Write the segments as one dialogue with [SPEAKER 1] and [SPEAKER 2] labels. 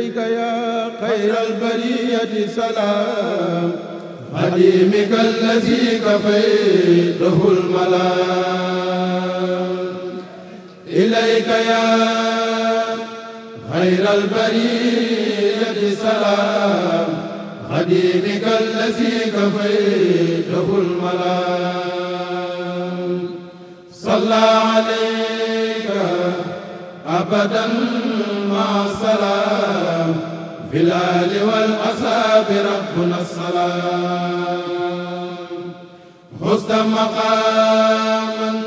[SPEAKER 1] إليك يا خير البرية سلام خديمك الذي كفيته الملام إليك يا خير البرية سلام خديمك الذي كفيته الملام صلى عليك أبدا السلام في الآل والأصحاب ربنا السلام حسن مقاما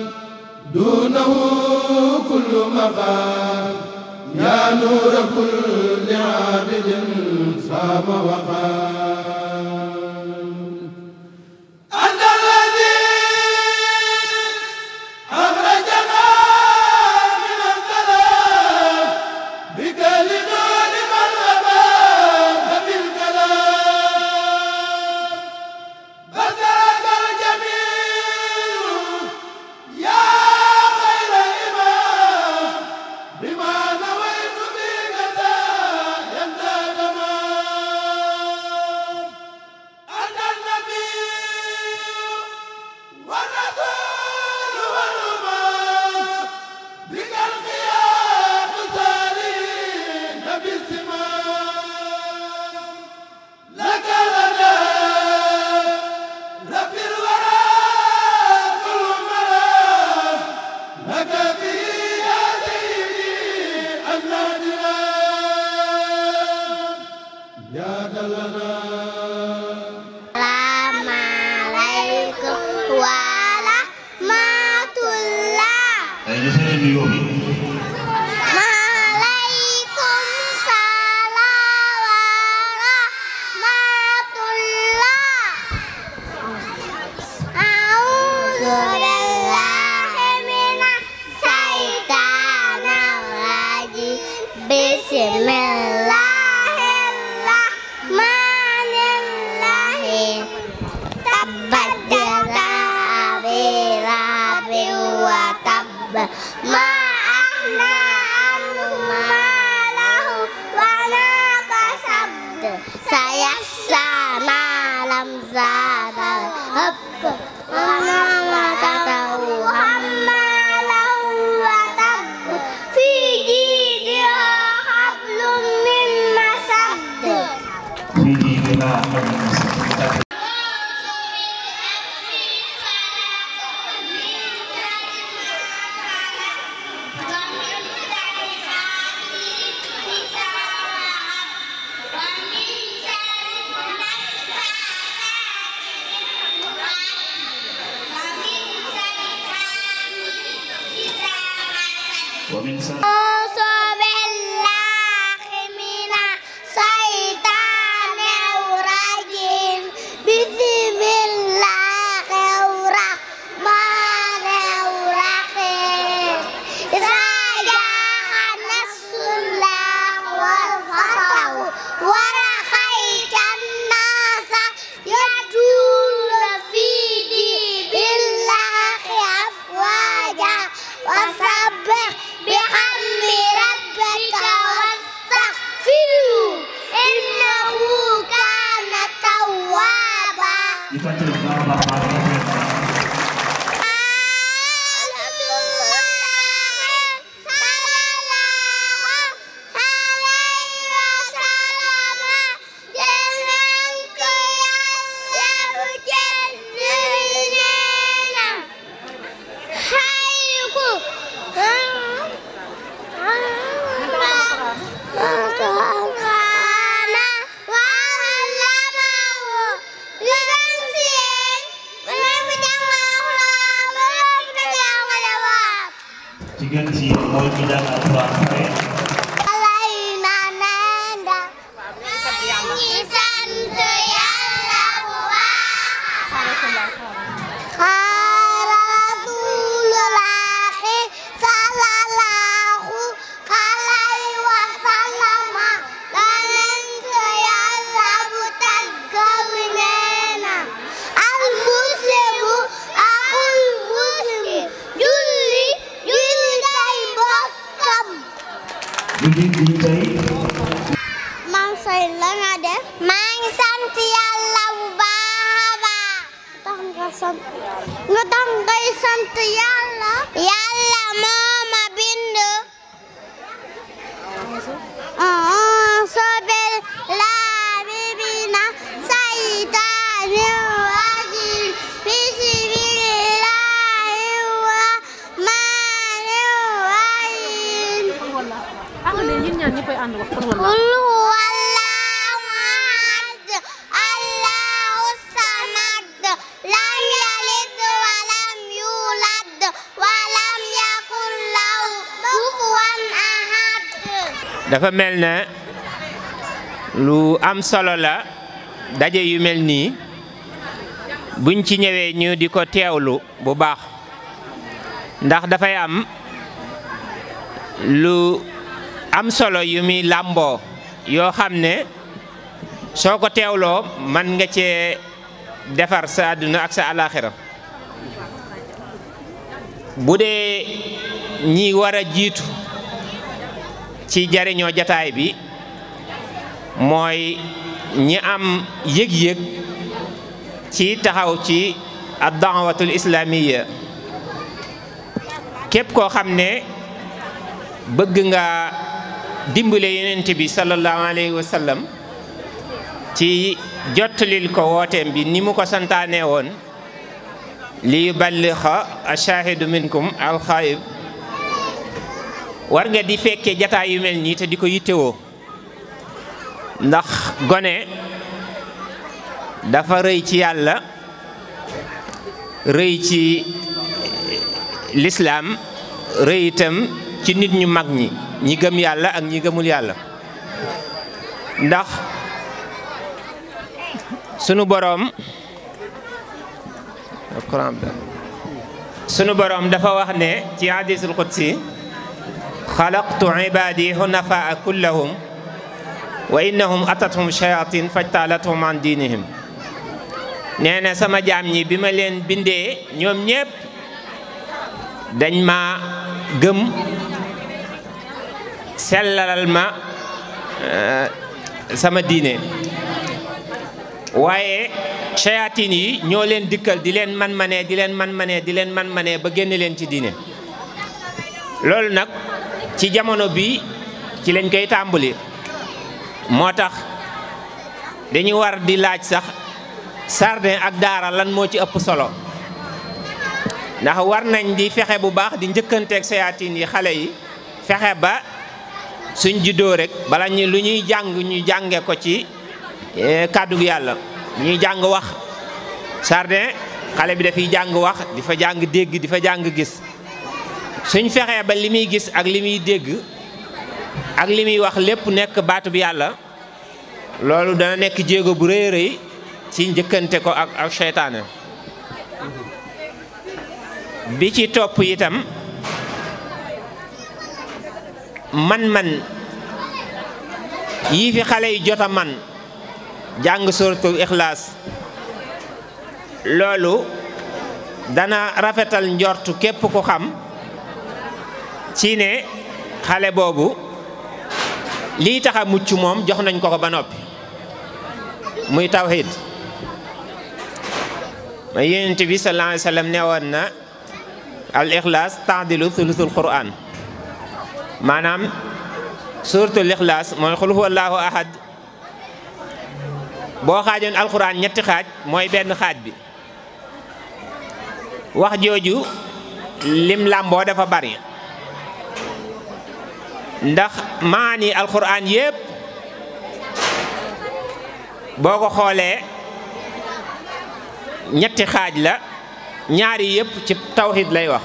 [SPEAKER 2] دونه كل مقام يا نور كل عابد صام وقام
[SPEAKER 1] yoon sant bu baax a baax nga dangay sant Yàlla
[SPEAKER 3] dafa mel na lu am solo la daje yu mel nii buñ ci ñëwee ñu di ko teewlu bu baax ndax dafay am lu am solo yu muy làmboo yoo xam ne soo ko teewloo man nga cee defar sa àdduna ak sa alaaxira bu dee ñi war a jiitu ci jariñoo jataay bi mooy ñi am yéeg yëg ci taxaw ci ad daawatul islaamiya képp koo xam ne bëgg nga dimbale yonent bi sallallahu alayhi wa ci jottalil ko wooteem bi ni mu ko santaane woon li yuballixa ashaahidu minkum alxayib war nga di fekkee jataay yu mel nii te di ko yittewoo ndax gone dafa rëy ci yàlla rëy ci eh, lislaam rëy ci nit ñu mag ñi ñi gëm yàlla ak ñi gëmul yàlla ndax sunu boroom sunu boroom dafa wax ne ci hadiisul qudsi xalaqtu ibaadi hunafaa kullahum wa innahum atathum shayatin fajtalathum an diinihim nee sama jaam ñi bi ma leen bindee ñoom ñépp dañ ma gëm sellalal ma sama diine waaye shayatin yi ñoo leen dikkal di leen man manee di leen man manee di leen man mane ba génn leen ci diine loolu nag ci jamono bi ci lañ koy tàmbali moo tax dañuy war di laaj sax sardin ak daara lan moo ci ëpp solo ndax war nañ di fexe bu baax di njëkkanteeg sayaatin yi xale yi fexe ba suñ juddoo rek bala ñu lu ñuy jàng ñu jànge ko ci eh, kàddug yàlla ñuy jàng wax sardin xale bi dafiy jàng wax di fa jàng dégg di fa jàng gis suñ fexee ba li muy gis ak li muy dégg ak li muy wax lépp nekk baatu bi yàlla loolu dana nekk jéego bu rëy rëy ci njëkkante ko ak ak seytaane bi ci topp itam man-man yii fi xale yi jot a man jàng suratul ixlaas loolu dana rafetal njort képp ko xam ci ne xale boobu lii taxa mucc moom jox nañ ko ko ba noppi muy tawxiid ma yonent bi sallallahu alayhi newoon na al ixlaas taadilu thuluthul quran maanaam suuratul ixlaas mooy xul huwallaahu ahad boo xaajoon alquran ñetti xaaj mooy benn xaaj bi wax jooju lim làmboo dafa bari ndax maani alxuraan yépp boo ko xoolee ñetti xaaj la ñaari yépp ci tawxiid lay wax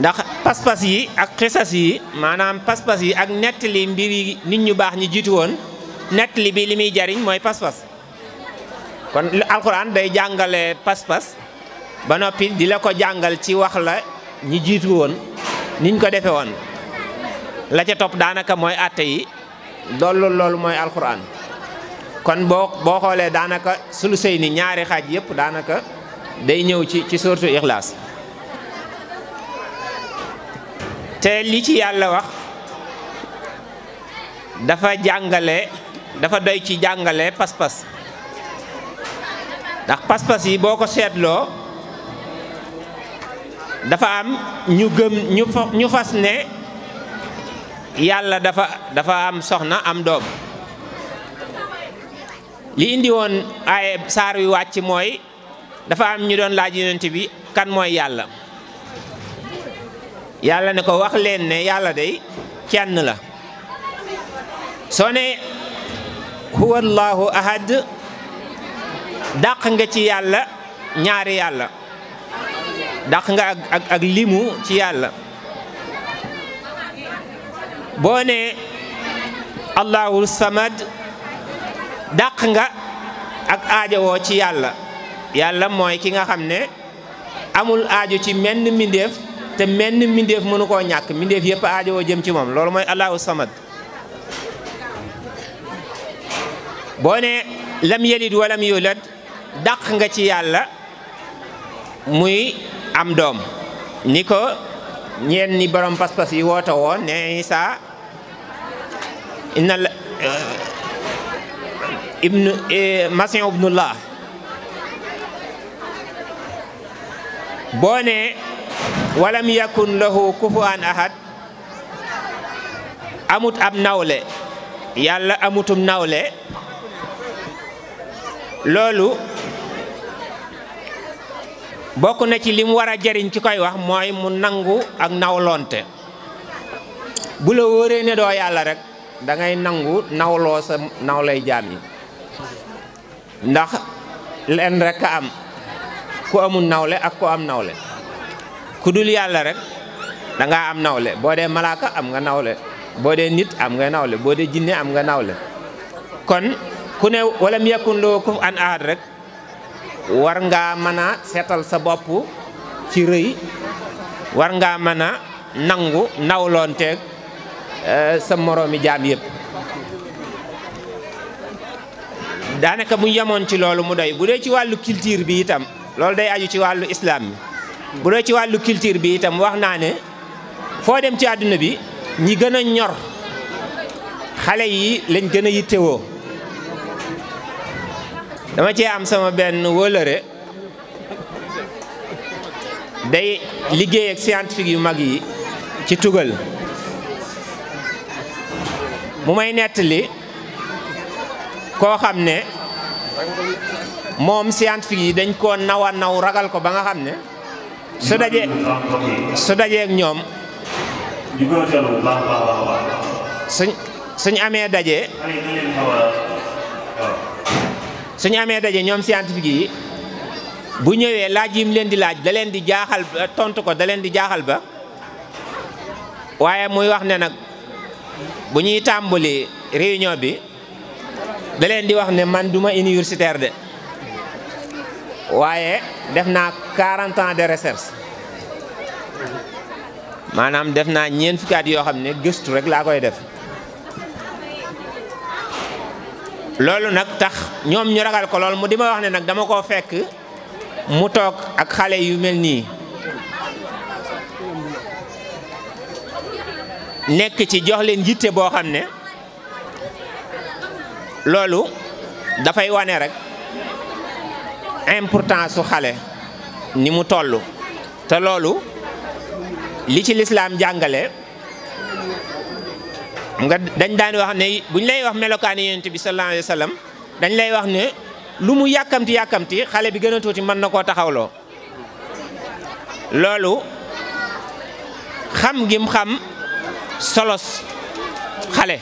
[SPEAKER 3] ndax paspas yi ak xisas yi maanaam pas yi ak nettali mbir yi nit ñu baax ñi jiitu woon nettali bi li muy jariñ mooy pas-pas kon alxuraan day jàngale paspas pas ba noppi di la ko jàngal ci wax la ñi jiituwoon niñ ko defe woon la ca topp daanaka mooy àtte yi loolu loolu mooy alxuraan kon boo boo xoolee daanaka sulusey ni ñaari xaaj yëpp daanaka day ñëw ci ci sourate Ixlaas te li ci yàlla wax dafa jàngale dafa doy ci jàngale pas-pas ndax pas-pas yi boo ko seetloo dafa am ñu gëm ñu fas ne yàlla dafa dafa am soxna am doom li indi woon ay saar wi wàcc mooy dafa am ñu doon laaj bi kan mooy yàlla yàlla ne ko wax leen ne yàlla day kenn la soo ne huwa allahu ahad dàq nga ci yàlla ñaari yàlla dàq nga ak limu ci yàlla boone nee allahul samad dàq nga ak aajowoo ci yàlla yàlla mooy ki nga xam ne amul aajo ci menn mbindeef te menn mbindeef mënu koo ñàkk mbindeef yëpp aajowoo jëm ci moom loolu mooy allahul samad boo nee lam yelid walam yulad dàq nga ci yàlla muy am doom ni ko ñeen ni borom pas-pas yi woote woon ne Isa inna la masin eh, ibnullah eh, boo ne walam yakun lahu kufuwan ahad amut ab nawle yàlla amutum nawle loolu bokk na ci li mu war a jariñ koy wax mooy mu nangu ak nawloonte bu la wóoree ne doo yàlla rek dangay nangu nawloo sa nawlay jaam yi ndax leen rek am ku amul nawle ak ku am nawle ku dul yàlla rek da am nawle boo dee malaaka am nga nawle boo dee nit am nga nawle boo dee jinne am nga nawle kon ku ne walam yakun loo kuf an ahad rek war ngaa mën a seetal sa bopp ci rëy war ngaa mën a nangu nawloonteeg eh, sa moroomi jaam yépp daanaka bu yemoon ci loolu mu doy bu dee ci wàllu culture bi itam loolu day aju ci wàllu islam bu dee ci wàllu culture bi itam wax naa ne foo dem ci àdduna bi ñi gën a ñor xale yi lañ gën a yittewoo dama cee am sama benn wóolëre day liggéey ak scientifique yu mag yi ci tugal mu may nettali koo xam ne moom scientifique yi dañ koo naw naw ragal ko ba nga xam ne su dajee su ñoom suñ suñ amee daje suñu amee daje ñoom scientifique yi bu ñëwee laaj yim leen di laaj da leen di jaaxal tontu ko da leen di jaaxal ba waaye muy wax ne nag bu ñuy tàmbali réunion bi da leen di wax ne man duma universitaire de waaye def naa 40 de recherche maanaam def naa ñeent fukki yoo xam ne gëstu rek laa koy def loolu nag tax ñoom ñu ragal ko lool mu di ma wax nag dama koo fekk mu toog ak xale yu mel nii nekk ci jox leen boo xam ne loolu dafay wane rek importance su xale ni mu tollu te loolu li ci lislaam jàngale nga dañ daan wax ne buñ lay wax melokaani yonent bi sallallahu alayhi wa dañ lay wax ne lu mu yàkkamti yàkkamti xale bi gën a tuuti mën na koo taxawloo loolu xam gim xam solos xale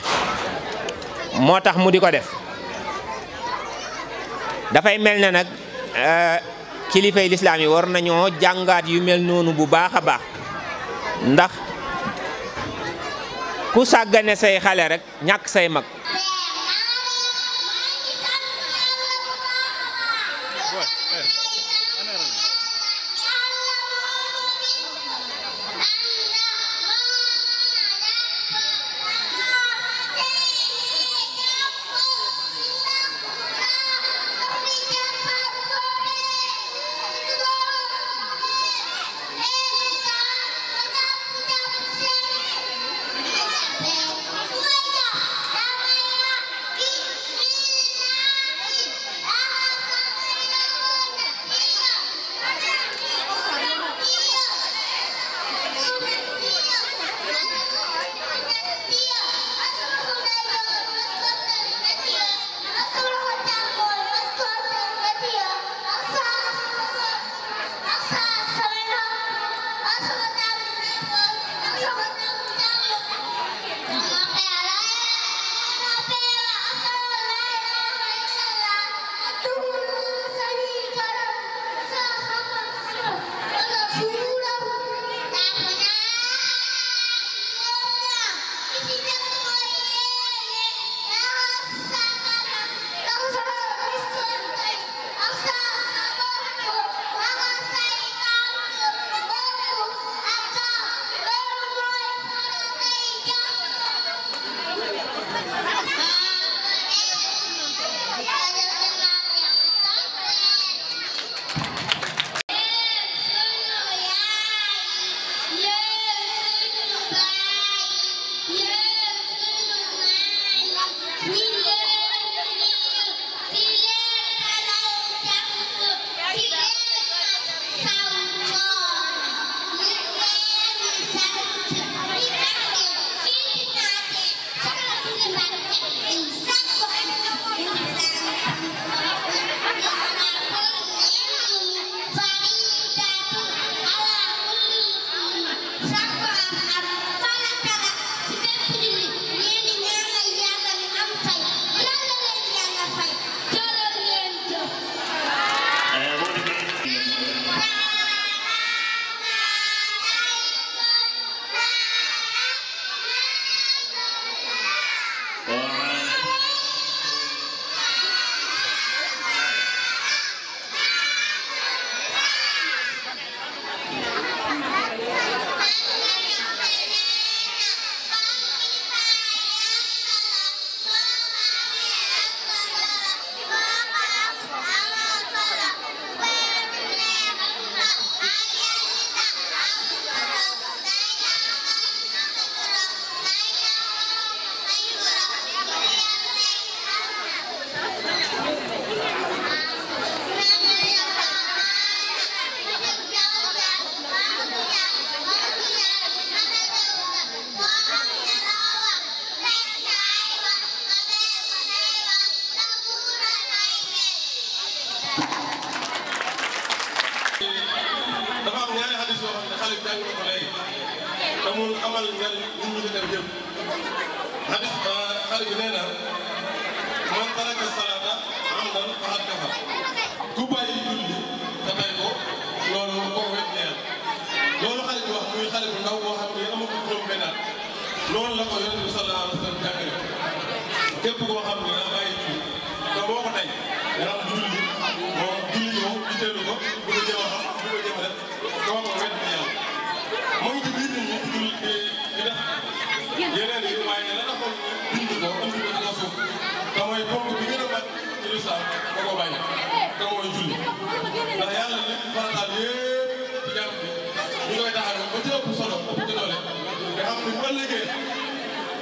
[SPEAKER 3] moo tax mu di ko def dafay mel ne nag euh, kilifay lislaam yi war nañoo jàngaat yu mel noonu bu baax a baax ndax ku sàggane say xale rek ñàkk say mag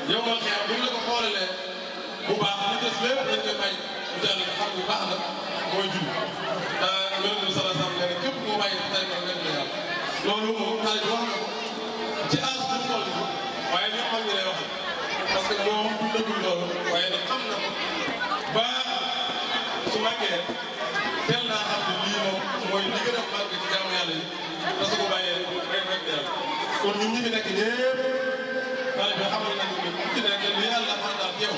[SPEAKER 2] yow man xëy bu ñu la ko xoolalee bu baax li des lépp dañ koy may bu jàll nga xam bu baax nag mooy julli te loolu bi sala sam nee na képp koo bàyyi sa tariqa nga dina yàlla loolu moom tariqa wax na ko ci âge bu toll ko waaye li xam ñi lay wax parce que moom
[SPEAKER 3] du dëggul loolu waaye nag xam na ko ba su màggee teel naa xam ne lii moom mooy li gën a màgg ci jaamu yàlla yi te su ko bàyyee rek rek yàlla kon ñun ñi fi nekk ñëpp xale bi xamal nañu ne ku ci nekk li yàlla àndal yow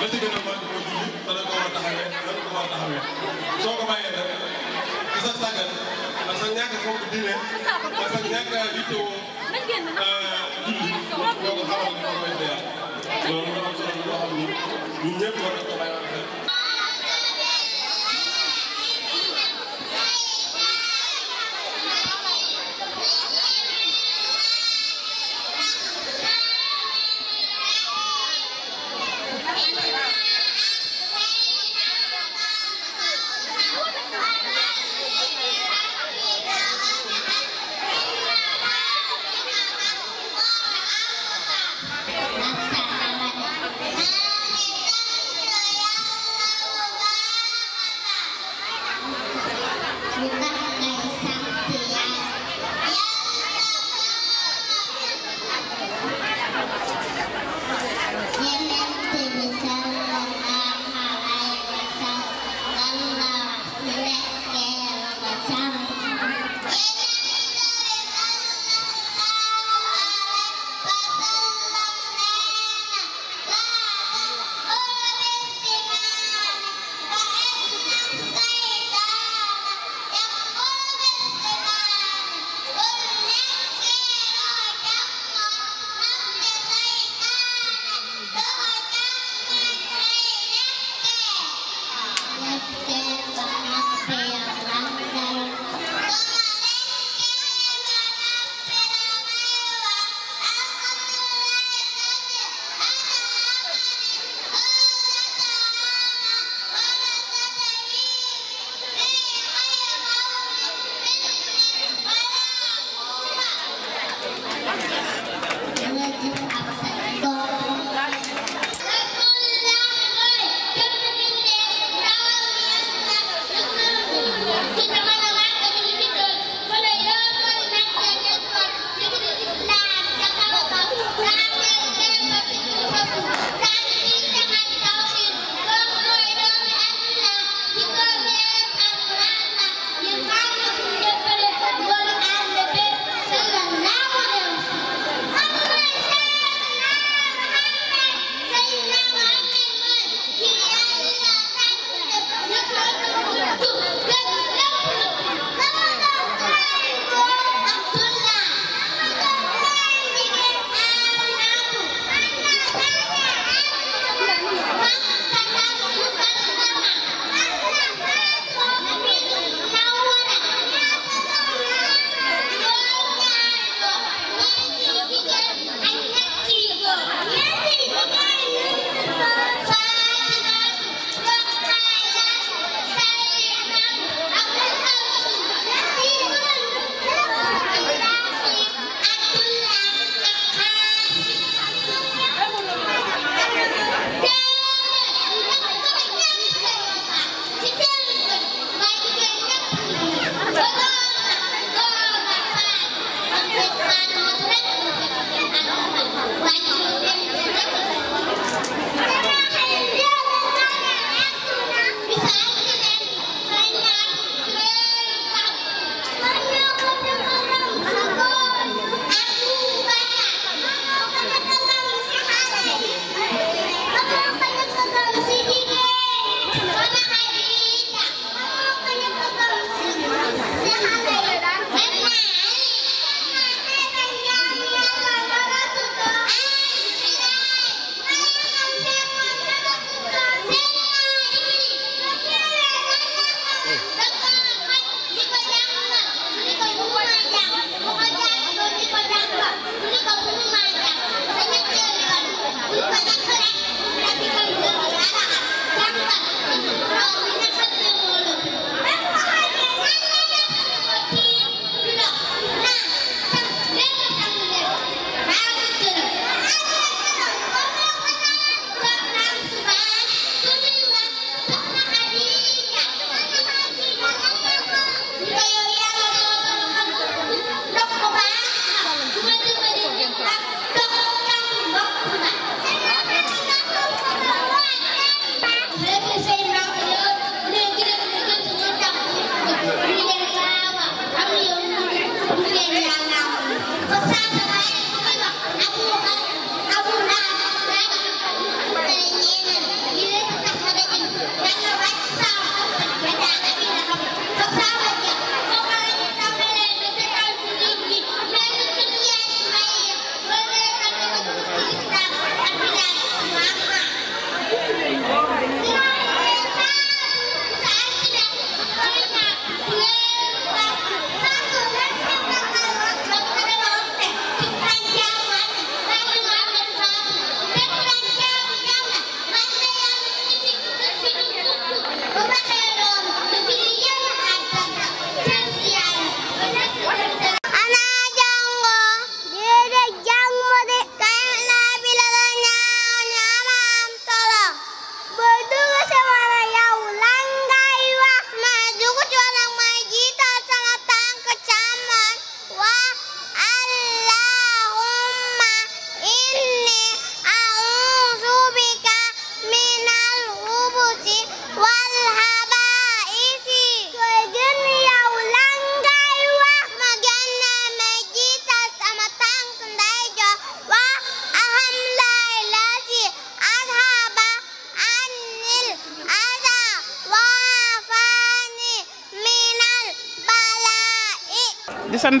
[SPEAKER 3] la ci gën a mën mooy julli dana ko war a taxawee dana ko war a taxawee soo ko bàyyee rek ci sa sàggan ak sa ñàkk foofu diine ak sa ñàkk yittewoo euh, julli boo ko xamal ne ko koy dee loolu moo am solo loo xam ni ñun ñëpp war nañ ko bàyyi xel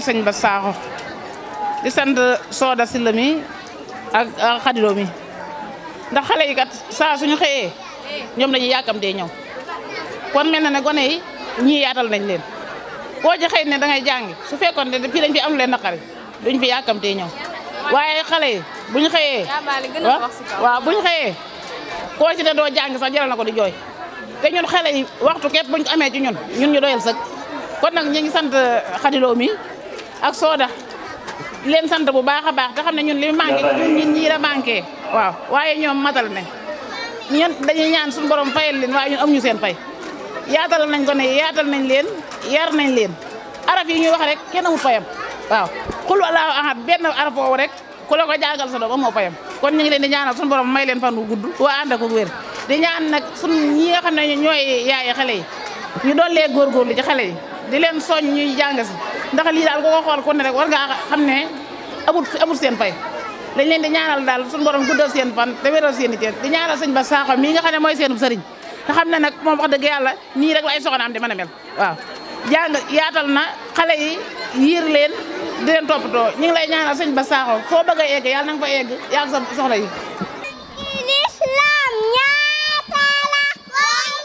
[SPEAKER 2] sant sëñ Bass Sakho di sant Soda Sylla mi ak xadiloo mi ndax xale yi kat saa suñu xëyee ñoom dañuy yàkkamtee ñëw kon mel na ne gone yi ñii yaatal nañ leen koo ci xëy ne dangay jàngi su fekkoon ne fii dañ fi am leen naqari duñ fi yàkkamtee ñëw waaye xale yi buñ xëyee waaw buñ xëyee koo ci ne doo jàngi sax jaral na ko di jooy te ñun xale yi waxtu képp buñ ko amee ci ñun ñun ñu doyal sëg kon nag ñu sant xadiloo mi ak sooda leen sant bu baax a baax te xam ne ñun li mu manqué ñun ñun ñii la manqué waaw waaye ñoom matal ne ñun dañuy ñaan suñu borom fayal leen waaye ñun ñu seen fay yaatal nañ ko ne yaatal nañ leen yar nañ leen araf yi ñuy wax rek kenn amul fayam waaw xul allahu ahad benn araf woowu rek ku la ko jàngal sa doom amoo fayam kon ñu leen di ñaanal suñ borom may leen fan wu gudd waa ànd ak wér di ñaan nag suñ ñi nga xam ñooy yaaye xale yi ñu doon lee góorgóorlu ci xale yi di leen soñ ñuy jàng ndax lii daal ku ko xool ku ne rek war ngaa xam ne amul amul seen fay dañ leen di ñaanal daal suñu borom guddal seen fan te wéral seen i cër di ñaanal sëñ ba saaxo mii nga xam ne mooy seenub sëriñ te xam ne nag moom wax dëgg yàlla nii rek la ay soxnaam di mën a mel waaw jàng yaatal na xale yi yiir leen di leen toppatoo ñu ngi lay ñaanal sëñ ba saaxo soo bëgg a egg yàlla na nga fa egg yàlla sa soxla yi
[SPEAKER 1] l'islam ñaata